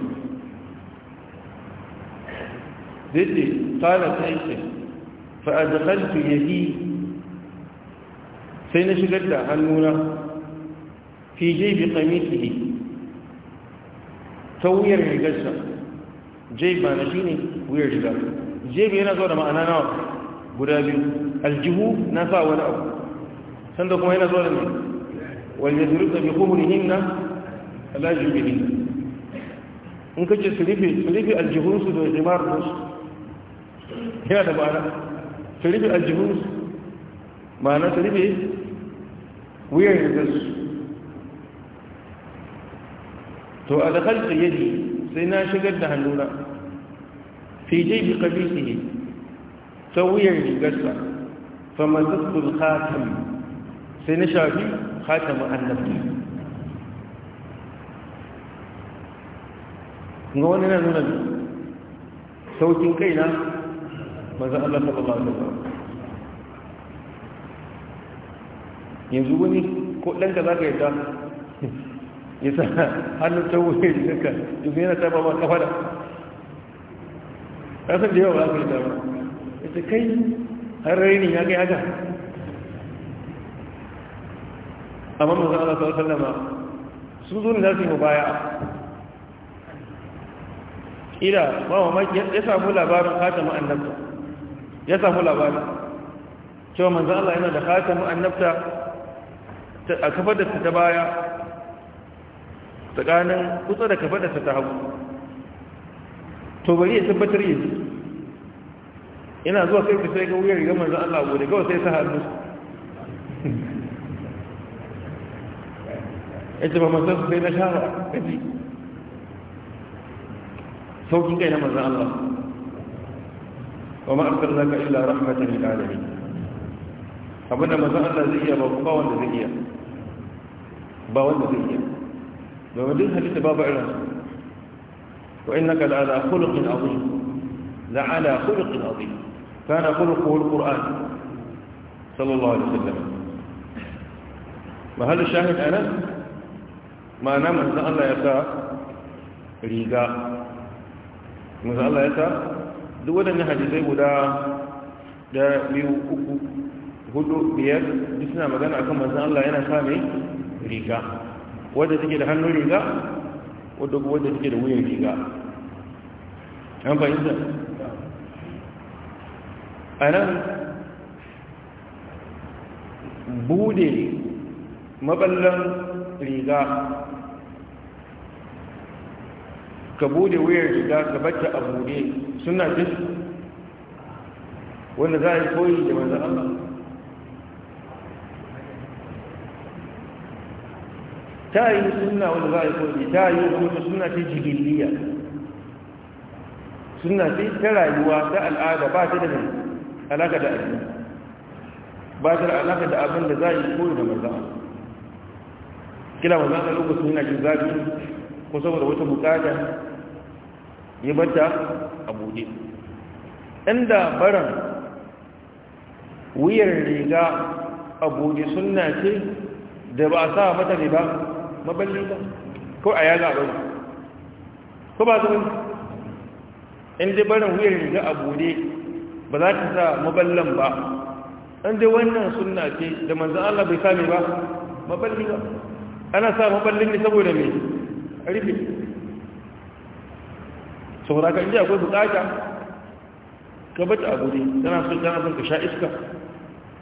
zai ce قال كيف فأدخلت يدي سين شغلت عنونا في جيب قميصه توير الجلسة جيب ما نشيني ويرجع جيب هنا زور أنا نار برابي الجهوب نفا ولا أو صندوق هنا زور من وليضربن بخمرهن لا جبهن in kace su rufe su rufe aljihunsu yana da ma'ana su rufe aljihunsu ma'ana su rufe wuyan su. to a dakar da yadi sai na shigar da hannuna fi jai bi kabisi ne ta wuyan rigarsa fa mazakul khatam sai na shafi khatamin annabi ga wani na nuna saukin kaina manzan Allah sallallahu alaihi wasallam yanzu wani ko ɗanka za ka yadda ya sa hannun ta wuce jikinka duk yana ta ba ma kafa da ƙasar da yawa ba ka yadda ba ita kai har raini ya kai haka amma manzan Allah sallallahu alaihi wasallam sun zo ne za su yi mubaya ila ba mamaki ya samu labarin hata ma'annabta ya samu labari cewa manzan Allah yana da an annabta a kafar da ta baya tsakanin kusa da kafar da ta hagu to bari ya tabbatar yanzu ina zuwa sai ka sai ga wuyar ga manzan Allah gode, kawai sai ta hannu ita ba manzan su sai na shara kaji saukin kai na manzan Allah وما أرسلناك إلا رحمة للعالمين أبونا ما زال الذي يبقى باوان الذي باوان الذي في لتباب علم وإنك لعلى خلق عظيم لعلى خلق عظيم كان خلقه القرآن صلى الله عليه وسلم وهل الشاهد أنا ما نام أن الله يسا ريقا ما الله يسا duk waɗannan hadisai guda da biyu uku hudu biyar duk suna magana akan manzan Allah yana sa mai riga wadda take da hannun riga wadda kuma wadda take da wuyan riga an fahimta a nan bude maballan riga ka bude wuyan riga ka bacci a bude suna ce wanda za a yi koyi da manzan Allah ta yi suna wanda za a yi koyi ta yi wata suna ce jigiliya suna ce ta rayuwa ta al'ada ba ta da alaka da abin ba ta da alaka da abin da za a yi koyi da manzan Allah kila wanda Allah lokacin yana jin zafi ko saboda wata bukata ya bata a inda barin wuyar riga a buɗe suna ce da ba a sa mata ne ba maballi ba ko a yaga ba ko ba zuwa inda barin wuyar riga a ba za ta sa maballan ba inda wannan suna ce da manzan Allah bai sami ba maballi ba ana sa maballin ne saboda mai rufe saboda ka inda akwai bukata ka bata a ne tana sun tana son ka sha iska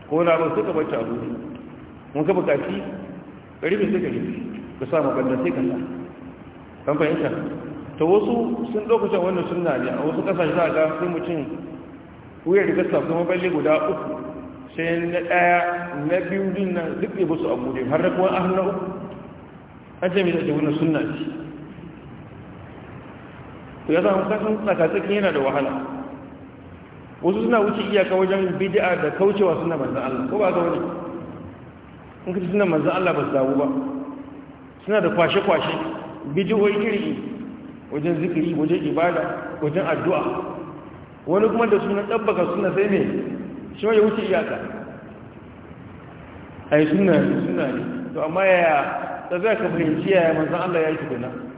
ko na ba sai ka bata a ne mun ka bukaci karfe mai ka rufe ka sa maganda sai ka sa kan fahimta ta wasu sun lokaci wannan na ne a wasu ƙasashe za a ga sai mutum wuyar da kasa kuma balle guda uku sai na ɗaya na biyu din nan duk ne basu a guri har da kuma an na uku an ce mai da wannan sunna ce to ya zama kasan tsakatsakin yana da wahala wasu suna wuce iyaka wajen bid'a da kaucewa suna manzan Allah ko ba ga wani in ka suna manzan Allah ba su dawo ba suna da kwashe-kwashe bidiyoyi kiri wajen zikiri wajen ibada wajen addu'a wani kuma da suna tabbaka suna sai ne shi ya wuce iyaka a yi suna ne suna ne to amma yaya ta za ka fahimci yaya manzan Allah ya yi tukuna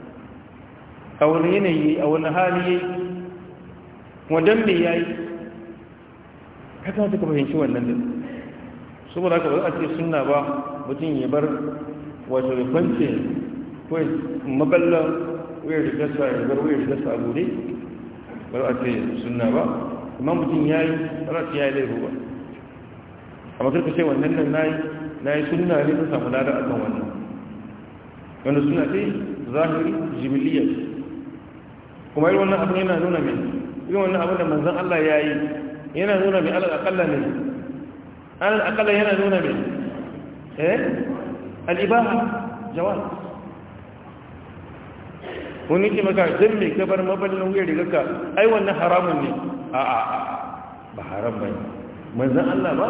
a wani yanayi a wani hali wadan me ya yi kasa ta fahimci wannan da saboda haka ba a ce suna ba mutum ya bar wato ya kwanci ko ya maballa wayar da gasa ya bar wayar da gasa a gode ba a ce suna ba amma mutum ya yi ba a ce ya yi laifu ba amma karka ce wannan nan na yi na yi suna ne ta samu lada a kan wannan wanda suna ce zahiri jibiliyar kuma yi wannan abin yana nuna mai yi wannan abin da manzan Allah ya yi yana nuna mai al'akalla ne al'akalla yana nuna mai eh al'ibaha jawab wani ke maka zan mai gabar maballin wuyar da gaka ai wannan haramun ne a a a ba haram bai. manzan Allah ba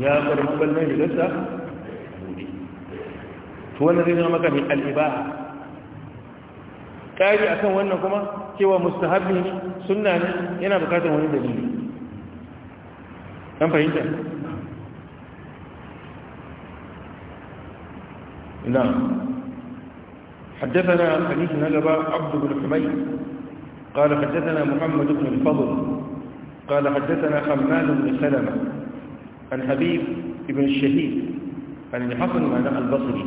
ya bar mabalin wuyar da gaka to wannan zai zama maka mai al'ibaha ƙari akan wannan kuma cewa mustahabbi sunna ne yana bukatar wani dalili an fahimta na'am حدثنا حديث نجبا عبد بن حميد قال حدثنا محمد بن الفضل قال حدثنا حماد بن سلمة عن حبيب بن الشهيد عن الحسن معنى البصري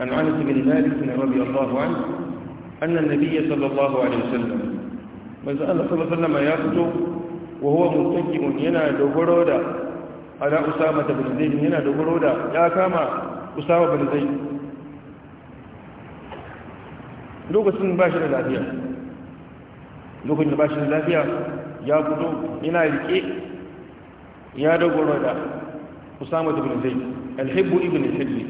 عن عنس بن مالك رضي الله عنه أن النبي صلى الله عليه وسلم منذ أن صلى الله عليه وسلم يخطب وهو متكئ ينا دوغرودا على أسامة بن زيد ينا دوغرودا يا كما أسامة بن زيد lokacin ba shi da lafiya lokacin da ba shi da lafiya ya fito ina rike ya dogoro da usama ibn zaid alhibbu ibn hibbi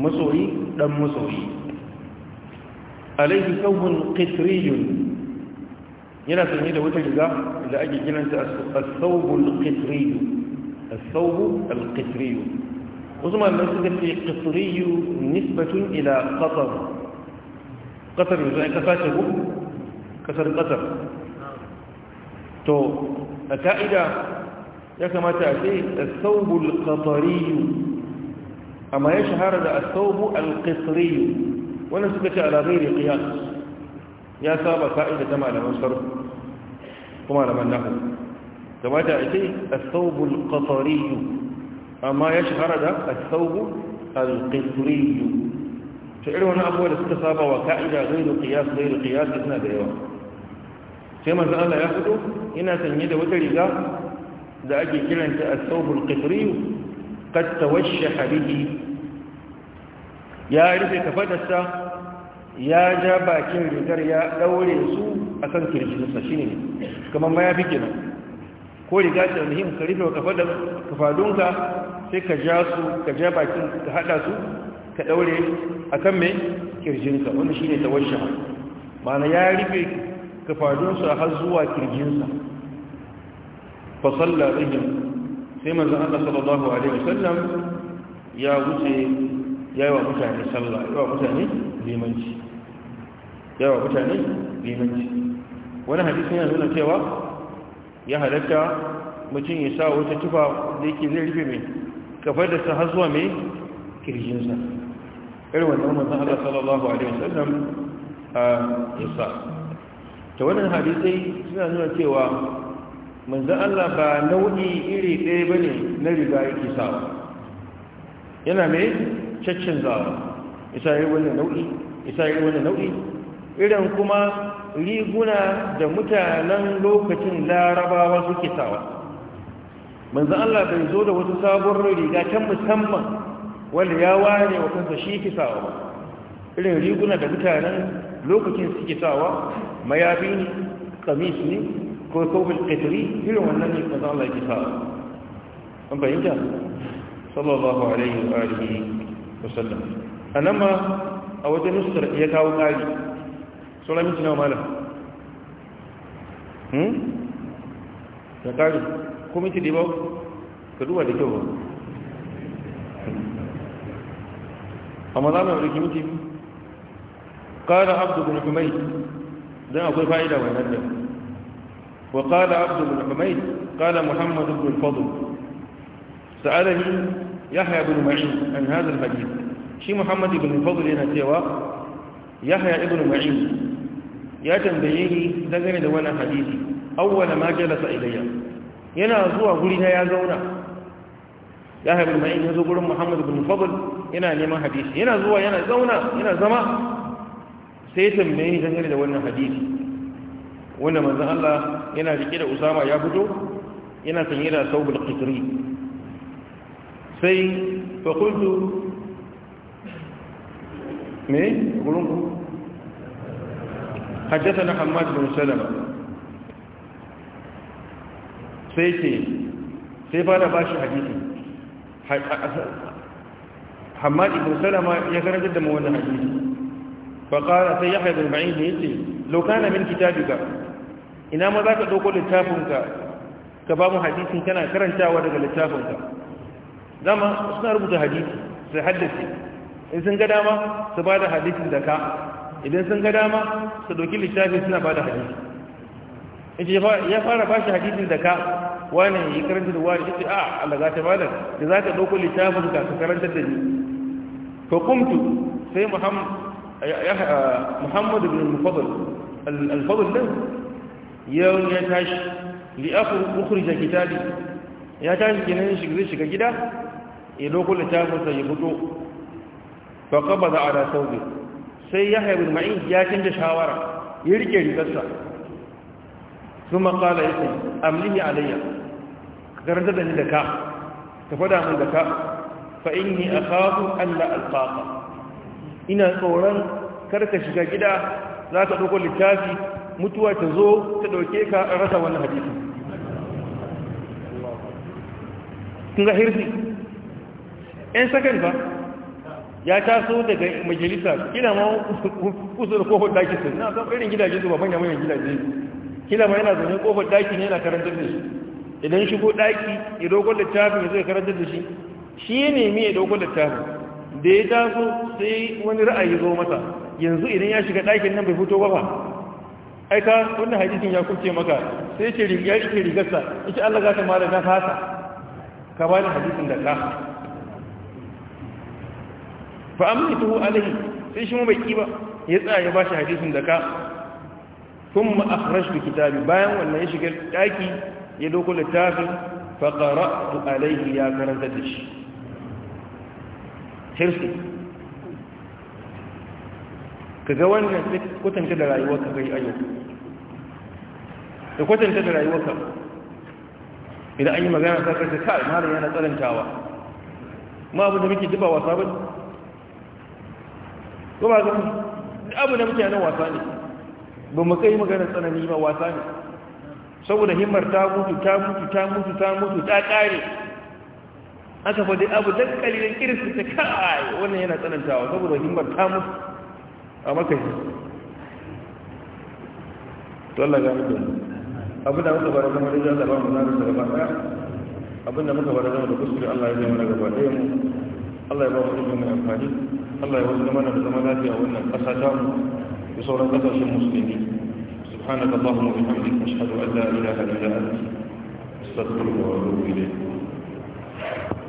masoyi ɗan masoyi عليه ثوب قثري هنا تلميذ وتجزا لأجل جنان الثوب القثري الثوب القثري وثم المسجد في قثري نسبة إلى قطر قطر يعني كفاتب كسر قطر تو أكائدة يا كما تأتي الثوب القطري أما يشهر الثوب القطري القطري wannan suka ce ala ghairi qiyas ya saba ka'ida ta malaman sarf kuma malaman nahwu kamata a ce as-thawb al-qatari amma ya shahara da as-thawb al-qitri to irin wani abuwa da suka saba wa ka'ida ghairi qiyas ghairi qiyas suna da yawa sai manzo Allah ya fito ina sanye da wata riga da ake kiranta as-thawb al-qitri qad tawashshaha bihi ya rufe kafadarsa ya ja bakin rigar ya daure su a kan kirjinsa shi ne kamar ma ya fi gina ko riga ce muhim ka rufe kafadunka sai ka ja su ka ja bakin ka hada su ka daure a kan mai kirjinka wanda shi ne tawasha mana ya rufe kafadunsa har zuwa kirjinsa fasalla bihim sai manzan Allah sallallahu alaihi wasallam ya wuce ya yi wa mutane sallah ya yi wa mutane limanci yawa mutane limanci wani hadisi yana nuna cewa ya halatta mutum ya sa wata tufa da yake zai rufe mai kafar da sa har mai kirjinsa irin wannan manzan Allah sallallahu alaihi wasallam a yasa ta wannan hadisai suna nuna cewa manzan Allah ba nau'i iri ɗaya bane na riga yake sawa yana mai caccanzawa isa yi nau'i isa yi wannan nau'i irin kuma riguna da mutanen lokacin larabawa suke sawa manzan Allah bai zo da wasu sabon riga can musamman wanda ya ware wa kansa shi ke sawa ba irin riguna da mutanen lokacin suke sawa mayafi ne kamis ne ko kofin ƙetari irin wannan ne manzan Allah ke sawa an fahimta? sallallahu alaihi wa alihi wa sallam a nan ma a wajen nusar ya kawo ƙari saura minti nawa malam ya ƙari ko minti ɗi ba ka duba da kyau ba amma za mu yi rikki minti قال عبد بن حميد ده أقول فائدة وهذا وقال عبد بن حميد قال محمد بن الفضل سألني يحيى بن معين عن هذا الحديث shi muhammad ibn fadl yana cewa yahya ibn ma'in ya tambaye ni dangane da wannan hadisi awwala ma jalasa ilayya yana zuwa guri na ya zauna yahya ibn ma'in ya zo gurin muhammad ibn fadl yana neman hadisi yana zuwa yana zauna yana zama sai tambaye ni dangane da wannan hadisi wanda manzon Allah yana rike da Usama ya fito yana sanye da saubul qitri sai fa qultu me gurin ku حدثنا حماد بن سلمة سيتي سيفانا باشي حديثي حماد بن سلمة يكرر جدا موانا حديثي فقال سيحيى بن معين يتي لو كان من كتابك ina ma za ka ɗauko littafinka ka ba mu kana karantawa daga littafinka zama suna rubuta hadisi sai haddace in sun ga dama su ba da hadisin da ka idan sun ga dama su ɗauki littafi suna ba da hadisi ya fara ba shi hadisin da ka wani yi karanta da wani ita a ah, Allah za ta ba da da za ka ɗauko littafin ka su karanta da ni to kumtu sai muhammadu bin mufadul alfadul din yau ya tashi ukuri da kitabi ya tashi kenan shiga gida ya ɗauko littafin sa ya fito fa a da sauƙi. sai ya ibn ma'in ya canza shawara ya rike rigarsa kuma qala yace amlihi alayya garanta da ni da ka ka fada min da ka fa inni akhafu an Allah alfaka. ina tsoron karka shiga gida za ka dauko littafi mutuwa ta zo ta ɗauke ka rasa wannan hadisi kun ga hirsi 'yan sakan ba ya taso daga majalisa kila ma kusur kofar daki sun na san irin gidaje su babban manya manyan gidaje kila ma yana zaune kofar daki ne yana karantar da shi idan shigo daki ya dogon littafin ya zai karantar da shi shi ya nemi ya dogon littafin da ya taso sai wani ra'ayi zo masa yanzu idan ya shiga dakin nan bai fito ba ba aika wannan hadisin ya kuce maka sai ce ya rike rigarsa ita Allah za ta mara na fasa ka bani hadisin da ka fa amituhu alaihi sai shi mu baki ba. ya tsaya ya shi hadisin da ka thumma akhrajtu kitabi bayan wannan ya shiga daki ya doko littafin fa qara'tu alaihi ya karanta da shi hirsi kaga wannan sai kwatanta da rayuwarka kai ayyuka da kwatanta da rayuwarka idan an yi magana sai ka ce kai malam yana tsarantawa ma abu da muke dubawa sabon ko ba gani abu da mutane wasa ne ba mu kai maganar tsanani ba wasa ne saboda himmar ta mutu ta mutu ta mutu ta mutu ta kare aka faɗi abu da kalilin kirsu ta kai wannan yana tsanantawa saboda himmar ta mutu a makashi to Allah ga mutu abu da muka bara zama da jazaba mu na da sarfa abinda muka bara zama da kusuri Allah ya zama daga gaba ɗaya mu Allah ya ba mu ilimin mai amfani Allah ya wasu mana da zama lafiya wannan ƙasa ta mu da sauran ƙasashen musulmi subhanaka allahumma wa bihamdika ashhadu an la ilaha illa anta astaghfiruka wa atubu ilayk